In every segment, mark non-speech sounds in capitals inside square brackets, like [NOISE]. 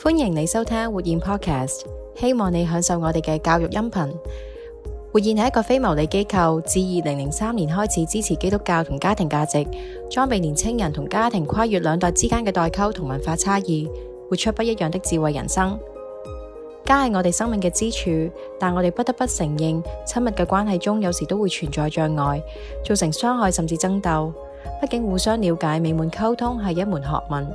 歡迎你收聽活現 Podcast，希望你享受我哋嘅教育音頻。活現係一個非牟利機構，自二零零三年開始支持基督教同家庭價值，裝備年青人同家庭跨越兩代之間嘅代溝同文化差異，活出不一樣的智慧人生。家係我哋生命嘅支柱，但我哋不得不承認，親密嘅關係中有時都會存在障礙，造成傷害甚至爭鬥。畢竟互相了解、美滿溝通係一門學問。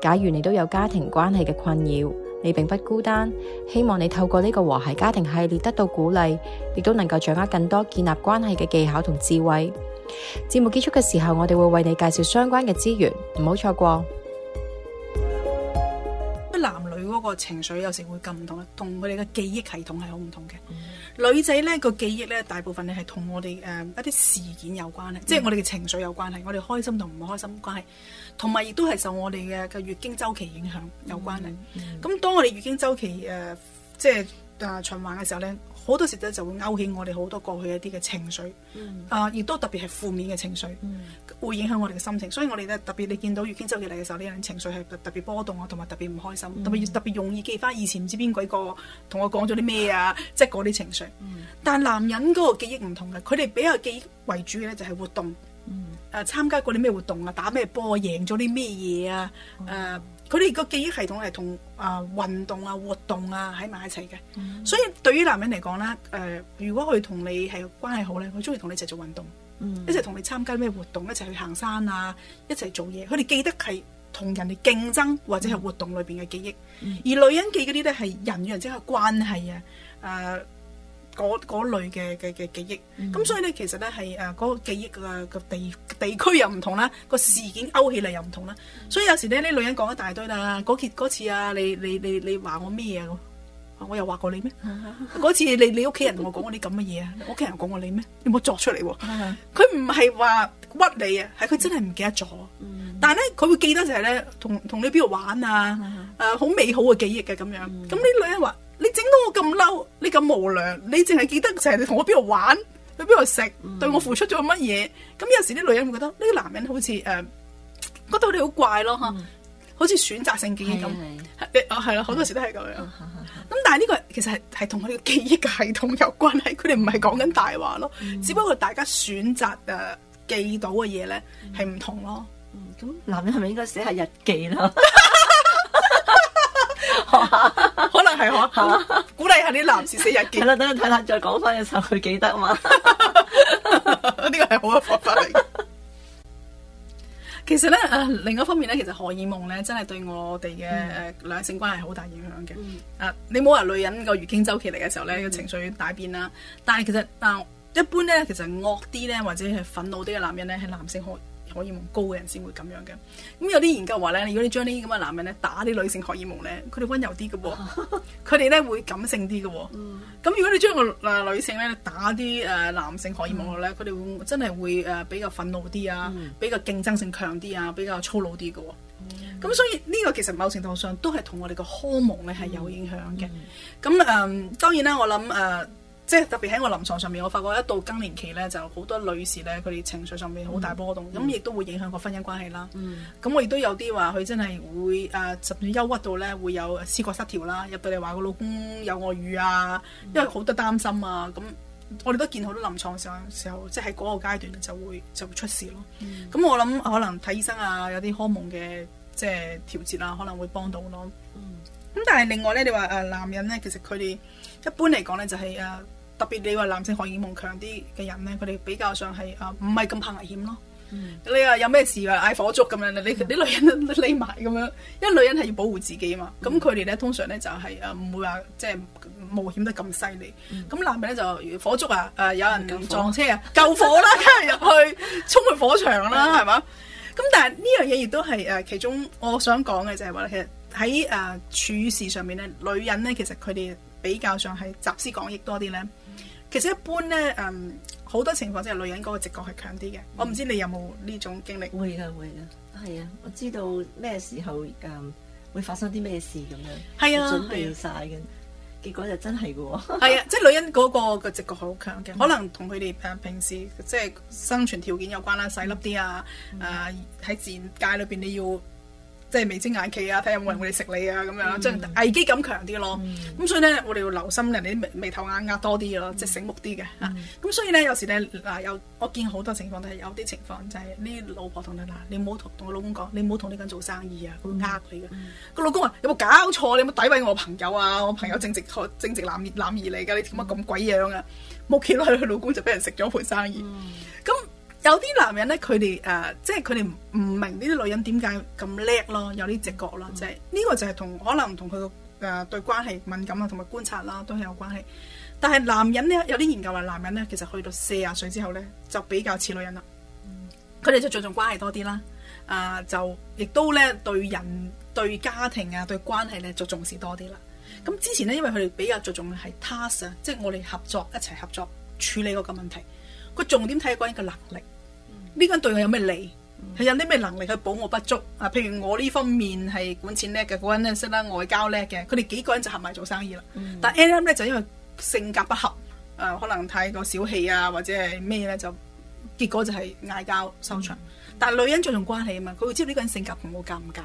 假如你都有家庭關係嘅困擾，你並不孤單。希望你透過呢個和諧家庭系列得到鼓勵，亦都能夠掌握更多建立關係嘅技巧同智慧。節目結束嘅時候，我哋會為你介紹相關嘅資源，唔好錯過。嗰個情緒有時會咁唔同啦，同佢哋嘅記憶系統係好唔同嘅，嗯。女仔咧個記憶咧，大部分呢係同我哋誒一啲事件有關嘅，即、嗯、係、就是、我哋嘅情緒有關係，我哋開心同唔開心關係，同埋亦都係受我哋嘅嘅月經周期影響有關嘅。咁、嗯嗯、當我哋月經周期誒，即、呃、係。就是呃、循環嘅時候咧，好多時咧就會勾起我哋好多過去一啲嘅情緒，啊、嗯，亦、呃、都特別係負面嘅情緒、嗯，會影響我哋嘅心情。所以我哋咧特別，你見到月經周期嚟嘅時候，呢，情緒係特特別波動啊，同埋特別唔開心，特、嗯、別特別容易記翻以前唔知邊鬼個同我講咗啲咩啊，即係嗰啲情緒、嗯。但男人嗰個記憶唔同嘅，佢哋比較記憶為主嘅咧就係活動，啊、嗯呃，參加過啲咩活動啊，打咩波啊，贏咗啲咩嘢啊，啊、呃。佢哋個記憶系統係同啊，運動啊，活動啊喺埋一齊嘅、嗯，所以對於男人嚟講咧，誒、呃、如果佢同你係關係好咧，佢中意同你一齊做運動，嗯、一齊同你參加咩活動，一齊去行山啊，一齊做嘢。佢哋記得係同人哋競爭、嗯、或者係活動裏邊嘅記憶、嗯，而女人記嗰啲咧係人與人之間嘅關係啊，誒、呃。嗰嗰類嘅嘅嘅記憶，咁所以咧，其實咧係誒嗰個記憶啊，個地地區又唔同啦，個事件勾起嚟又唔同啦，所以有時咧，啲女人講一大堆啦，嗰、嗰個、次啊，你你你你話我咩啊？我又話過你咩？嗰 [LAUGHS] 次你你屋企人同我講嗰啲咁嘅嘢啊，屋企人講過你咩？你冇作出嚟喎，佢唔係話屈你啊，係佢真係唔記得咗，但係咧佢會記得就係咧同同你邊度玩啊，誒 [LAUGHS] 好、啊、美好嘅記憶嘅、啊、咁樣，咁 [LAUGHS] 啲女人話。我咁嬲，你咁無良，你淨係記得成日同我邊度玩，去邊度食，對我付出咗乜嘢？咁有時啲女人會覺得呢、這個男人好似誒，呃、覺得你好怪咯，吓，好似選擇性記憶咁。係咯，好、啊、多時都係咁樣。咁但係呢個其實係係同佢哋記憶嘅系統有關係。佢哋唔係講緊大話咯、嗯，只不過大家選擇誒記到嘅嘢咧係唔同咯。咁、嗯、男人係咪應該寫下日記咯？ [LAUGHS] [LAUGHS] 睇下，鼓勵下啲男士寫日記。係啦， [LAUGHS] 等你睇下再講翻嘅時候，佢記得嘛？呢個係好嘅方法嚟。 [LAUGHS] 其實咧，誒、呃，另一方面咧，其實荷爾蒙咧真係對我哋嘅兩性關係好大影響嘅、嗯。啊，你冇話女人個月經週期嚟嘅時候咧，個、嗯、情緒大變啦。但係其實，但一般咧，其實惡啲咧，或者係憤怒啲嘅男人咧，係男性荷。荷爾蒙高嘅人先會咁樣嘅，咁有啲研究話咧，如果你將呢啲咁嘅男人咧打啲女性荷爾蒙咧，佢哋溫柔啲嘅喎，佢哋咧會感性啲嘅喎，咁、嗯、如果你將個誒女性咧打啲誒男性荷爾蒙落咧，佢、嗯、哋會真係會誒比較憤怒啲啊、嗯，比較競爭性強啲啊，比較粗魯啲嘅，咁、嗯、所以呢個其實某程度上都係同我哋嘅荷蒙咧係有影響嘅，咁、嗯、誒、嗯、當然啦，我諗誒。呃即係特別喺我臨床上面，我發覺一到更年期咧，就好多女士咧，佢哋情緒上面好大波動，咁亦都會影響個婚姻關係啦。咁、嗯、我亦都有啲話佢真係會誒，甚、嗯、至、呃、憂鬱到咧會有思覺失調啦，入到嚟話個老公有外遇啊、嗯，因為好多擔心啊。咁我哋都見好多臨床上時候，即係喺嗰個階段就會就會出事咯。咁、嗯、我諗可能睇醫生啊，有啲荷爾蒙嘅即係調節啊，可能會幫到咯。咁、嗯、但係另外咧，你話誒男人咧，其實佢哋一般嚟講咧就係誒、啊。特別你話男性荷爾蒙強啲嘅人咧，佢哋比較上係啊唔係咁怕危險咯。嗯、你話有咩事啊？嗌火燭咁樣，你啲女人匿埋咁樣，因為女人係要保護自己嘛。咁佢哋咧通常咧就係啊唔會話即係冒險得咁犀利。咁、嗯、男人咧就火燭啊！誒、呃、有人撞車啊！救火啦、啊，跟住入去衝去火場啦，係、嗯、嘛？咁但係呢樣嘢亦都係誒其中我想講嘅就係話其實喺誒、啊、處事上面咧，女人咧其實佢哋比較上係集思廣益多啲咧。其實一般咧，嗯，好多情況，即係女人嗰個直覺係強啲嘅、嗯。我唔知你有冇呢種經歷？會噶會噶，係啊，我知道咩時候，嗯，會發生啲咩事咁樣。係啊，準備晒嘅，結果就真係噶喎。係啊，即 [LAUGHS] 係、就是、女人嗰、那個嘅直覺好強嘅，可能同佢哋平平時即係、就是、生存條件有關啦，細粒啲啊，誒、嗯，喺、呃、自然界裏邊你要。即、就、係、是、眉精眼企啊，睇下有冇人會嚟食你啊咁樣，即、嗯、係、就是、危機感強啲咯。咁、嗯、所以咧，我哋要留心人哋眉眉頭眼額多啲咯，嗯、即係醒目啲嘅。咁、嗯啊、所以咧，有時咧嗱，有我見好多情況，係有啲情況就係、是、呢老婆同你嗱，你唔好同同我老公講，你唔好同呢間做生意啊，嗯、會呃你嘅。個、嗯、老公話：有冇搞錯？你有冇詆毀我朋友啊？我朋友正直、正直男男兒嚟㗎，你做乜咁鬼樣啊？無期啦，佢老公就俾人食咗盤生意。咁、嗯有啲男人咧，佢哋誒，即係佢哋唔明呢啲女人點解咁叻咯，有啲直覺咯，即係呢個就係同可能同佢嘅誒對關係敏感啊，同埋觀察啦，都係有關係。但係男人咧，有啲研究話男人咧，其實去到四十歲之後咧，就比較似女人啦。佢、嗯、哋就着重關係多啲啦，啊、呃、就亦都咧對人、對家庭啊、對關係咧就重視多啲啦。咁之前咧，因為佢哋比較着重係 task 啊，即係我哋合作一齊合作處理嗰個問題。個重點睇嗰人嘅能力。呢、嗯這個、人對我有咩利？佢、嗯、有啲咩能力去保我不足啊？譬如我呢方面係管錢叻嘅，嗰、嗯那個、人咧識得外交叻嘅，佢哋幾個人就合埋做生意啦、嗯。但係 N M 咧就因為性格不合，誒、呃、可能太過小氣啊，或者係咩咧，就結果就係嗌交收場。嗯、但係女人最重關係啊嘛，佢會知道呢個人性格同我夾唔夾？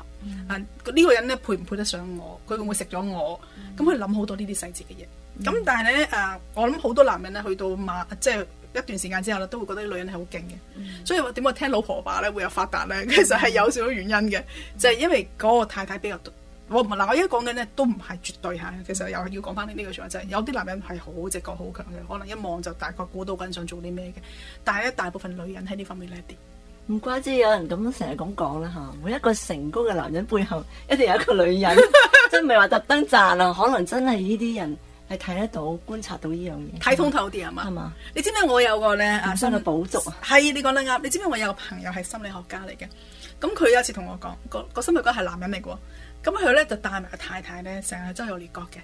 啊呢、這個人咧配唔配得上我？佢會唔會食咗我？咁佢諗好多呢啲細節嘅嘢。咁、嗯、但係咧誒，我諗好多男人咧去到馬即係。一段時間之後咧，都會覺得女人係好勁嘅，所以我點解聽老婆話咧會有發達咧？其實係有少少原因嘅，就係因為嗰個太太比較，我唔係，嗱，我而家講緊咧都唔係絕對嚇，其實又要講翻呢呢個說話，就係有啲男人係好直覺好強嘅，可能一望就大概估到佢想做啲咩嘅，但係咧大部分女人喺呢方面叻啲。唔怪之有人咁成日咁講啦嚇，每一個成功嘅男人背後一定有一個女人，即係唔係話特登讚啊？可能真係呢啲人。睇得到、觀察到呢樣嘢，睇通透啲啊嘛，係嘛？你知唔知我有個咧心理補足啊？係，你講得啱。你知唔知我有個朋友係心理學家嚟嘅？咁佢有一次同我講，個心理學家係男人嚟嘅。咁佢咧就帶埋個太太咧，成日周遊列國嘅。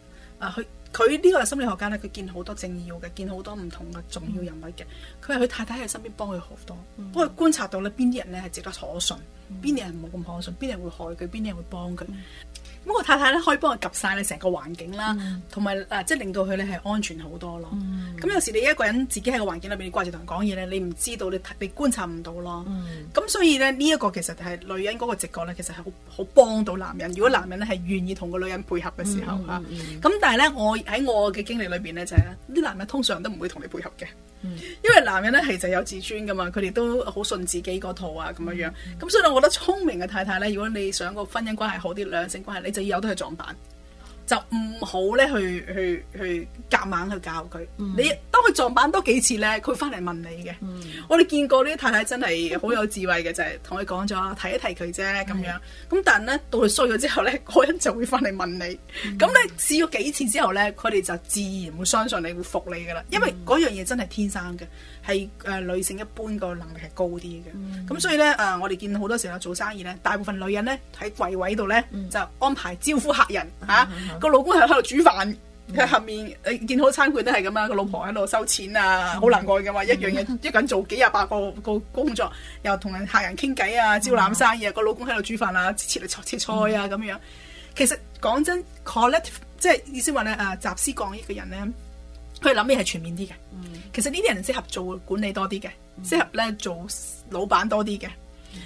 啊，佢佢呢個心理學家咧，佢見好多政要嘅，見好多唔同嘅重要人物嘅。佢話佢太太喺身邊幫佢好多，幫、嗯、佢觀察到咧邊啲人咧係值得可信，邊、嗯、啲人冇咁可信，邊啲人會害佢，邊啲人會幫佢。嗯咁個太太咧可以幫佢及晒你成個環境啦，同埋誒即係令到佢咧係安全好多咯。咁、嗯、有時你一個人自己喺個環境裏邊掛住同人講嘢咧，你唔知道你你觀察唔到咯。咁、嗯、所以咧呢一、呢個其實係女人嗰個直覺咧，其實係好好幫到男人。如果男人咧係願意同個女人配合嘅時候吓，咁、嗯嗯嗯、但係咧我喺我嘅經歷裏邊咧就係咧啲男人通常都唔會同你配合嘅。因為男人咧其實有自尊噶嘛，佢哋都好信自己嗰套啊，咁樣樣。咁所以我覺得聰明嘅太太咧，如果你想個婚姻關係好啲，兩性關係，你就要有得去撞板。就唔好咧去去去夾硬，硬去教佢、嗯。你當佢撞板多幾次咧，佢翻嚟問你嘅、嗯。我哋見過呢啲太太真係好有智慧嘅、嗯，就係同佢講咗提一提佢啫咁樣。咁但係咧到佢衰咗之後咧，個人就會翻嚟問你。咁咧試咗幾次之後咧，佢哋就自然會相信你會服你噶啦。因為嗰樣嘢真係天生嘅，係誒、呃、女性一般個能力係高啲嘅。咁、嗯、所以咧誒、呃，我哋見好多時候做生意咧，大部分女人咧喺櫃位度咧、嗯、就安排招呼客人嚇。嗯啊嗯個老公喺喺度煮飯，喺、嗯、後面誒見好多餐具都係咁啊。個老婆喺度收錢啊，好難過嘅嘛！一樣嘢，嗯、一個人做幾廿百、啊、個個工作，又同人客人傾偈啊，招攬生意啊，個、嗯、老公喺度煮飯啊，切切菜啊咁樣、嗯。其實講真，collect 即係意思話咧，啊集思廣益嘅人咧，佢諗嘢係全面啲嘅、嗯。其實呢啲人適合做管理多啲嘅，適、嗯、合咧做老闆多啲嘅。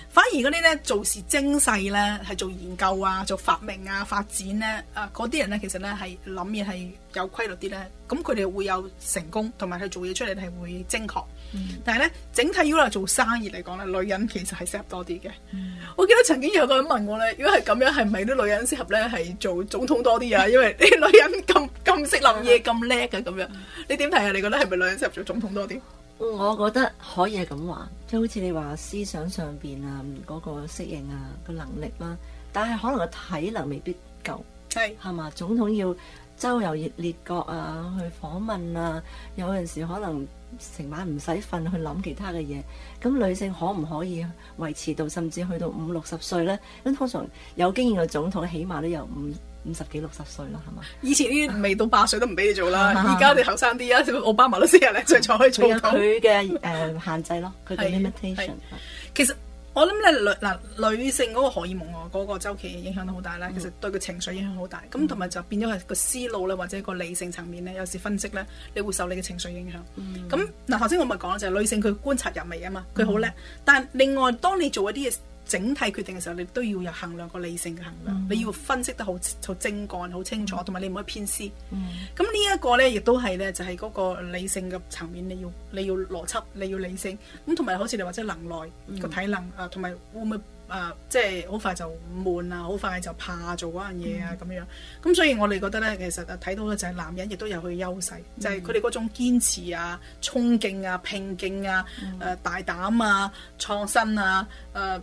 反而嗰啲咧做事精細咧，係做研究啊，做發明啊，發展咧，啊，啊嗰啲人咧，其實咧係諗嘢係有規律啲咧，咁佢哋會有成功，同埋佢做嘢出嚟係會精確，嗯。但係咧，整體要嚟做生意嚟講咧，女人其實係適合多啲嘅，嗯。我記得曾經有個人問我咧，如果係咁樣，係咪啲女人適合咧係做總統多啲啊？ [LAUGHS] 因為啲女人咁咁識諗嘢，咁叻嘅咁樣， [LAUGHS] 聰 [LAUGHS] 聰 [LAUGHS] 你點睇啊？你覺得係咪女人適合做總統多啲？我覺得可以係咁話，即好似你話思想上邊、那個、啊，嗰個適應啊個能力啦、啊，但係可能個體能未必夠係，係嘛？總統要周遊列國啊，去訪問啊，有陣時可能成晚唔使瞓去諗其他嘅嘢。咁女性可唔可以維持到，甚至去到五六十歲呢？咁通常有經驗嘅總統起碼都有五。五十幾六十歲啦，係嘛？以前呢啲未到八十歲都唔俾你做啦，而家你後生啲啊！奧、啊、巴馬都四十零歲，就可以做佢嘅誒限制咯，佢嘅 limitation 其實我諗咧女嗱女性嗰個荷爾蒙啊，嗰個周期影響都好大咧、嗯。其實對佢情緒影響好大，咁同埋就變咗係個思路咧，或者個理性層面咧，有時分析咧，你會受你嘅情緒影響。咁嗱頭先我咪講啦，就係、是、女性佢觀察入微啊嘛，佢好叻。但另外，當你做一啲嘢。整體決定嘅時候，你都要有衡量個理性嘅衡量、嗯，你要分析得好好精幹、好清楚，同、嗯、埋你唔可以偏私。咁、嗯、呢一個咧，亦都係咧，就係、是、嗰個理性嘅層面，你要你要邏輯，你要理性。咁同埋好似你話，即係能耐個、嗯、體能、呃會不會呃就是、啊，同埋會唔會啊，即係好快就悶啊，好快就怕做嗰樣嘢啊咁樣。咁所以，我哋覺得咧，其實睇到嘅就係男人亦都有佢優勢，就係佢哋嗰種堅持啊、衝勁啊、拼勁啊、誒、嗯呃、大膽啊、創新啊、誒、呃。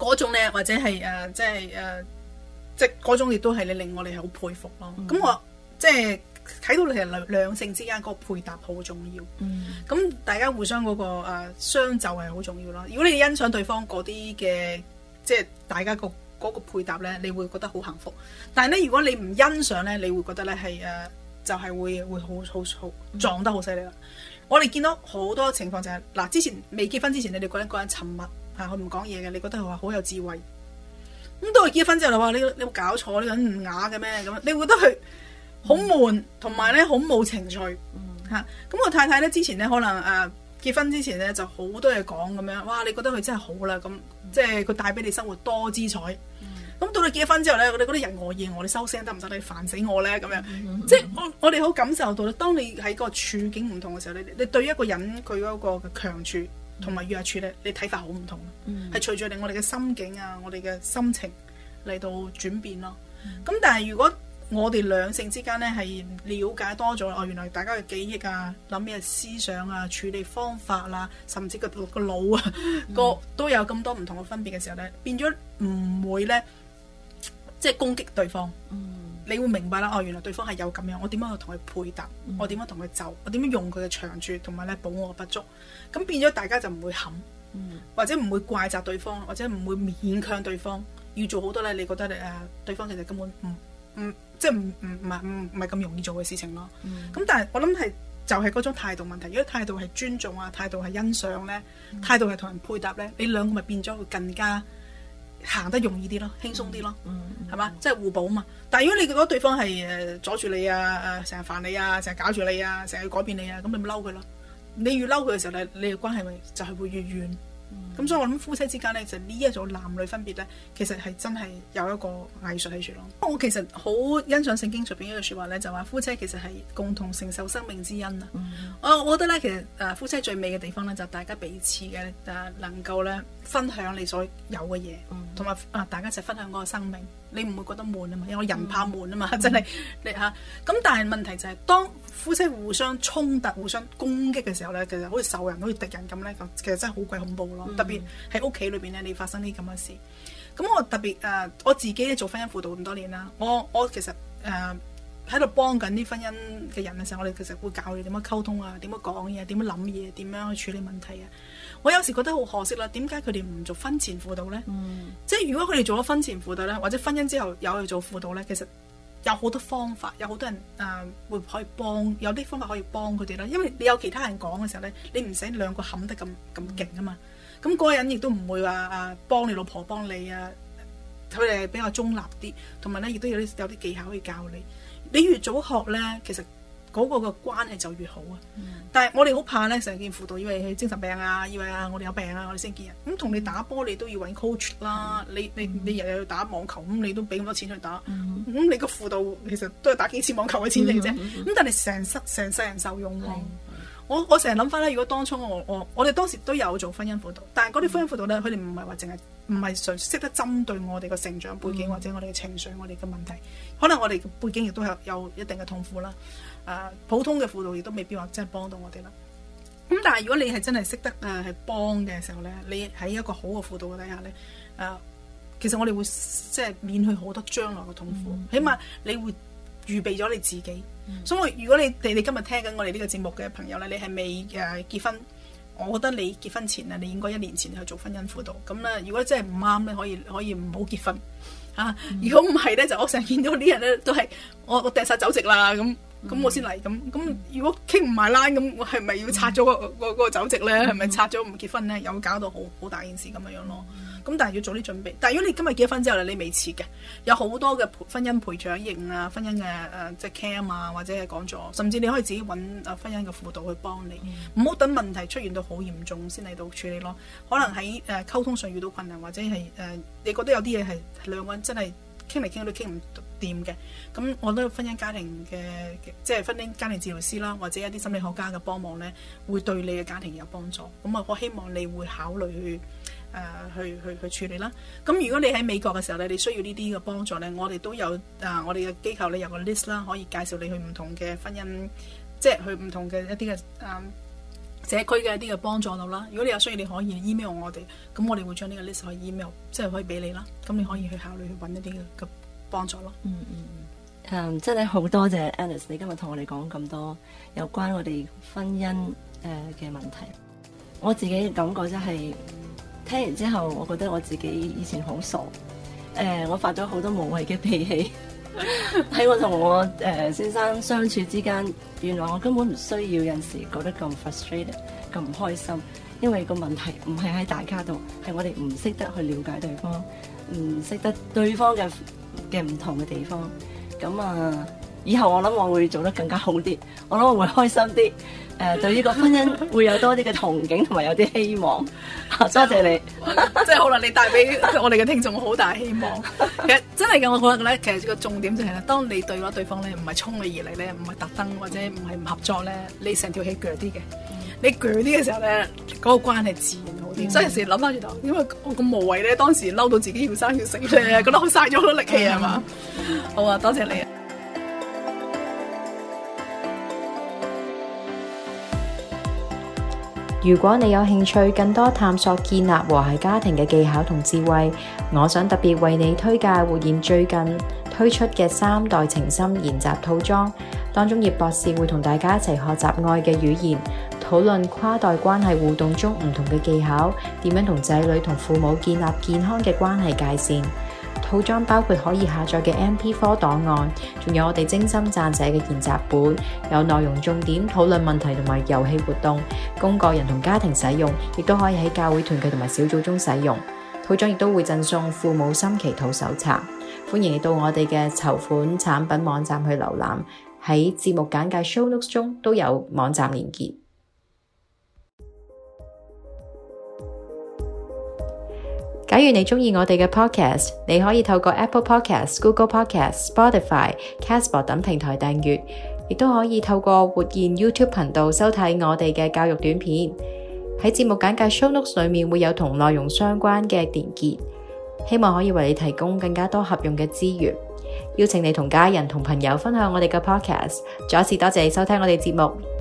嗰種咧，或者係、呃、即係、呃、即係嗰種，亦都係你令我哋好佩服咯。咁、嗯、我即係睇到你哋兩，兩性之間嗰個配搭好重要。咁、嗯、大家互相嗰、嗰個、呃、相就係好重要咯。如果你欣賞對方嗰啲嘅，即係大家個嗰、嗰個配搭咧，你會覺得好幸福。但係咧，如果你唔欣賞咧，你會覺得咧係、呃、就係、是、會會好好好撞得好犀利啦。我哋見到好多情況就係、是、嗱、啊，之前未結婚之前，你哋覺得嗰人沉默。吓、啊，佢唔講嘢嘅，你覺得佢話好有智慧，咁、嗯、到佢結婚之後你話你你冇搞錯呢，這個人唔啞嘅咩咁？你會覺得佢好悶，同埋咧好冇情趣吓。咁、嗯啊、我太太咧之前咧可能誒、啊、結婚之前咧就好多嘢講咁樣，哇你覺得佢真係好啦咁、嗯，即係佢帶俾你生活多姿彩。咁、嗯、到你結婚之後咧，你哋覺得人我厭我，你收聲得唔得你煩死我咧咁樣，嗯嗯、即係、嗯、我我哋好感受到咧，當你喺個處境唔同嘅時候你你對於一個人佢嗰個強處，同埋弱處理，你睇法好唔同，係、嗯、隨住嚟我哋嘅心境啊，我哋嘅心情嚟到轉變咯、啊。咁、嗯、但係如果我哋兩性之間呢係了解多咗，哦原來大家嘅記憶啊、諗、嗯、嘢、想思想啊、處理方法啦、啊，甚至、個、個腦啊、嗯、個都有咁多唔同嘅分別嘅時候呢，變咗唔會呢，即、就、係、是、攻擊對方。嗯你會明白啦，哦，原來對方係有咁樣，我點樣去同佢配搭，我點樣同佢就，我點樣用佢嘅長處，同埋咧保我不足，咁變咗大家就唔會冚、嗯，或者唔會怪責對方，或者唔會勉強對方，要做好多咧你覺得你誒、呃，對方其實根本唔唔、嗯嗯，即係唔唔唔唔係咁容易做嘅事情咯。咁、嗯、但係我諗係就係、是、嗰種態度問題，如果態度係尊重啊，態度係欣賞咧、嗯，態度係同人配搭咧，你兩個咪變咗會更加。行得容易啲咯，輕鬆啲咯，係、嗯、嘛、嗯？即係互補啊嘛。但係如果你覺得對方係誒阻住你啊，成日煩你啊，成日搞住你啊，成日要改變你啊，咁你咪嬲佢咯。你越嬲佢嘅時候咧，你嘅關係咪就係會越遠。咁、嗯、所以我諗夫妻之間咧，就呢、是、一種男女分別咧，其實係真係有一個藝術喺處咯。我其實好欣賞聖經入邊一個説話咧，就話夫妻其實係共同承受生命之恩啊、嗯。我我覺得咧，其實誒、啊、夫妻最美嘅地方咧，就大家彼此嘅誒能夠咧分享你所有嘅嘢。嗯同埋啊，大家一齊分享嗰個生命，你唔會覺得悶啊嘛，因為我人怕悶啊嘛，真係你嚇。咁 [LAUGHS] 但係問題就係、是，當夫妻互相衝突、互相攻擊嘅時候咧，其實好似仇人、好似敵人咁咧，其實真係好鬼恐怖咯。特別喺屋企裏邊咧，你發生啲咁嘅事，咁我特別啊，我自己咧做婚姻輔導咁多年啦，我我其實誒。呃喺度幫緊啲婚姻嘅人嘅時候，我哋其實會教你點樣溝通啊，點樣講嘢，點樣諗嘢，點樣去處理問題啊。我有時覺得好可惜啦，點解佢哋唔做婚前輔導咧，嗯？即係如果佢哋做咗婚前輔導咧，或者婚姻之後有去做輔導咧，其實有好多方法，有好多人誒、呃、會可以幫，有啲方法可以幫佢哋啦。因為你有其他人講嘅時候咧，你唔使兩個冚得咁咁勁啊嘛。咁、那、嗰個人亦都唔會話啊幫你老婆幫你啊，佢哋比較中立啲，同埋咧亦都有啲有啲技巧可以教你。你越早學咧，其實嗰個嘅關係就越好啊、嗯！但係我哋好怕咧，成日見輔導，以為係精神病啊，以為啊我哋有病啊，我哋先見人。咁、嗯、同你打波，你都要揾 coach 啦。嗯、你你你日日要打網球，咁你都俾咁多錢去打。咁、嗯嗯、你個輔導其實都係打幾次網球嘅錢嚟啫。咁、嗯嗯嗯、但係成世成世人受用喎、啊嗯。我我成日諗翻咧，如果當初我我我哋當時都有做婚姻輔導，但係嗰啲婚姻輔導咧，佢哋唔係話淨係。唔係純識得針對我哋嘅成長背景、嗯、或者我哋嘅情緒、嗯、或者我哋嘅問題，可能我哋嘅背景亦都有有一定嘅痛苦啦。誒、呃，普通嘅輔導亦都未必話真係幫到我哋啦。咁但係如果你係真係識得誒係幫嘅時候咧，你喺一個好嘅輔導嘅底下咧，誒、呃，其實我哋會即係免去好多將來嘅痛苦、嗯，起碼你會預備咗你自己、嗯。所以如果你哋你今日聽緊我哋呢個節目嘅朋友咧，你係未誒結婚？我覺得你結婚前啊，你應該一年前去做婚姻輔導，咁咧，如果真係唔啱咧，可以可以唔好結婚啊。如果唔係咧，就我成日見到啲人咧，都係我我掟晒酒席啦咁。咁、嗯、我先嚟咁，咁如果傾唔埋 line，咁我係咪要拆咗、個個、嗯個酒席咧？係咪拆咗唔結婚咧？有搞到好好大件事咁樣囉。咯、嗯。咁但係要做啲準備。但如果你今日結婚之後你未切嘅，有好多嘅婚姻培養營啊，婚姻嘅、呃、即係 cam 啊，或者係講座，甚至你可以自己揾婚姻嘅輔導去幫你，唔、嗯、好等問題出現到好嚴重先嚟到處理咯。可能喺、呃、溝通上遇到困難，或者係、呃、你覺得有啲嘢係兩個人真係傾嚟傾去都傾唔。店嘅，咁我覺得婚姻家庭嘅，即係婚姻家庭治療師啦，或者一啲心理學家嘅幫忙呢，會對你嘅家庭有幫助。咁啊，我希望你會考慮去誒，去去去處理啦。咁如果你喺美國嘅時候呢，你需要呢啲嘅幫助呢，我哋都有啊，我哋嘅機構咧有個 list 啦，可以介紹你去唔同嘅婚姻，即係去唔同嘅一啲嘅、嗯、社區嘅一啲嘅幫助度啦。如果你有需要，你可以 email 我哋，咁我哋會將呢個 list 去 email，即係可以俾你啦。咁你可以去考慮去揾一啲嘅。幫助咯、嗯，嗯嗯嗯，嗯，真係好多謝 Annis，你今日同我哋講咁多有關我哋婚姻誒嘅、嗯呃、問題。我自己嘅感覺真、就、係、是、聽完之後，我覺得我自己以前好傻誒、呃，我發咗好多無謂嘅脾氣喺 [LAUGHS] 我同我誒、呃、先生相處之間。原來我根本唔需要有陣時覺得咁 frustrated，咁唔開心，因為個問題唔係喺大家度，係我哋唔識得去了解對方，唔識得對方嘅。嘅唔同嘅地方，咁啊，以後我諗我會做得更加好啲，我諗我會開心啲，誒、呃，對於個婚姻 [LAUGHS] 會有多啲嘅憧憬同埋有啲希望。多 [LAUGHS] 謝，謝你，即 [LAUGHS] 係 [LAUGHS] 好啦，你帶俾我哋嘅聽眾好大的希望。其實真係嘅，我覺得咧，其實個重點就係、是、咧，當你對咗對方咧，唔係衝你而嚟咧，唔係特登或者唔係唔合作咧，你成條戲鋸啲嘅，你鋸啲嘅時候咧，嗰個關係先。真係 [MUSIC] 時諗翻住頭，因為我咁無謂咧，當時嬲到自己要生要死，覺得好嘥咗好多力氣係嘛。好啊，多謝你啊！如果你有興趣更多探索建立和諧家庭嘅技巧同智慧，我想特別為你推介活現最近推出嘅三代情深研習套裝，當中葉博士會同大家一齊學習愛嘅語言。討論跨代關係互動中唔同嘅技巧，點樣同仔女同父母建立健康嘅關係界線。套裝包括可以下載嘅 MP4 檔案，仲有我哋精心撰寫嘅練習本，有內容重點討論問題同埋遊戲活動，供個人同家庭使用，亦都可以喺教會團體同埋小組中使用。套裝亦都會贈送父母心祈禱手冊。歡迎嚟到我哋嘅籌款產品網站去瀏覽，喺節目簡介 show notes 中都有網站鏈接假如你中意我哋嘅 podcast，你可以透過 Apple Podcast、Google Podcast、Spotify、Castbox 等平台訂閱，亦都可以透過活現 YouTube 頻道收睇我哋嘅教育短片。喺節目簡介 show notes 裏面會有同內容相關嘅連結，希望可以為你提供更加多合用嘅資源。邀請你同家人同朋友分享我哋嘅 podcast。再一次多謝你收聽我哋節目。